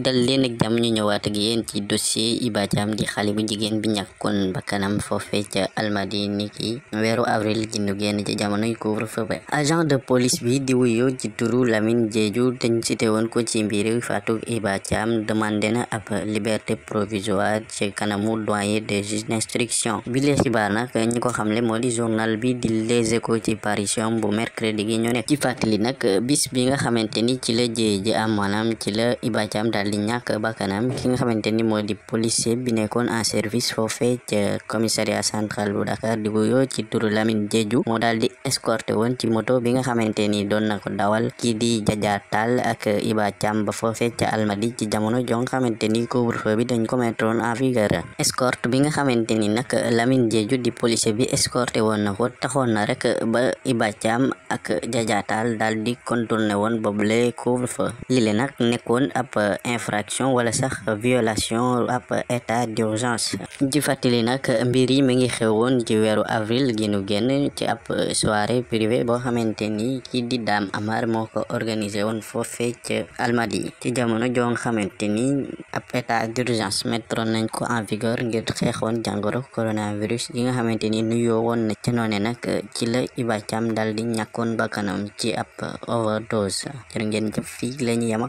dal leen ak jàmm ñu ñëwaat ak yéen ci dossier Hiba Thiam di xale bu jigéen bi ñàkkoon bakkanam foofee ca Almadies ni ki weeru avril gi ñu génn de police bi di wuyoo ci turu Lamine Diédhiou dañ ko ci mbiru faatu Hiba Thiam ab liberté provisoire ci kanamu doyen des juges d'instruction bi lee xibaar nag ñi ko xamle moo journal bi di Les Échos ci parution bu mercredi gi ñu nekk ci fàttali nag bis bi nga xamante ni ci la jéeji am maanaam ci la Hiba Thiam daldi ñàkk bakkanam ki nga xamante ni moo di policier bi nekkoon en service foofee ca commissariat central bu Dakar di wuyoo ci turu Lamine Diédhiou moo daldi escorté woon ci moto bi nga xamante ni doon na ko dawal kii di Diadia Tall ak Iba Thiam ba foofee ca Almadi ci jamono jo nga xamante ni bi dañ ko mettroon en vigueur escorte bi nga xamante ni nag Lamine Diédhiou di policier bi escorté woon na ko taxoon na rek ba Iba Thiam ak Diadia Tall daldi contourné woon boobule couvre infraction wala sax violation ab état d'urgence di fàttali nag mbir yi mi ngi xewoon ci weeru avril gi nu génn ci ab soirée privée boo xamante ni ki di Dame Amar moo ko organisé woon foofee ci Almadies ci jamono joo nga xamante ni ab état d'urgence mettre nañ ko en vigueur ngir xeexoon jàngoro coronavirus gi nga xamante ni nuyoo woon na ci noone nag ci la Iba Thiam dal di ñakkoon bakkanam ci ab overdose jërë ngeen jëf fii la ñu yam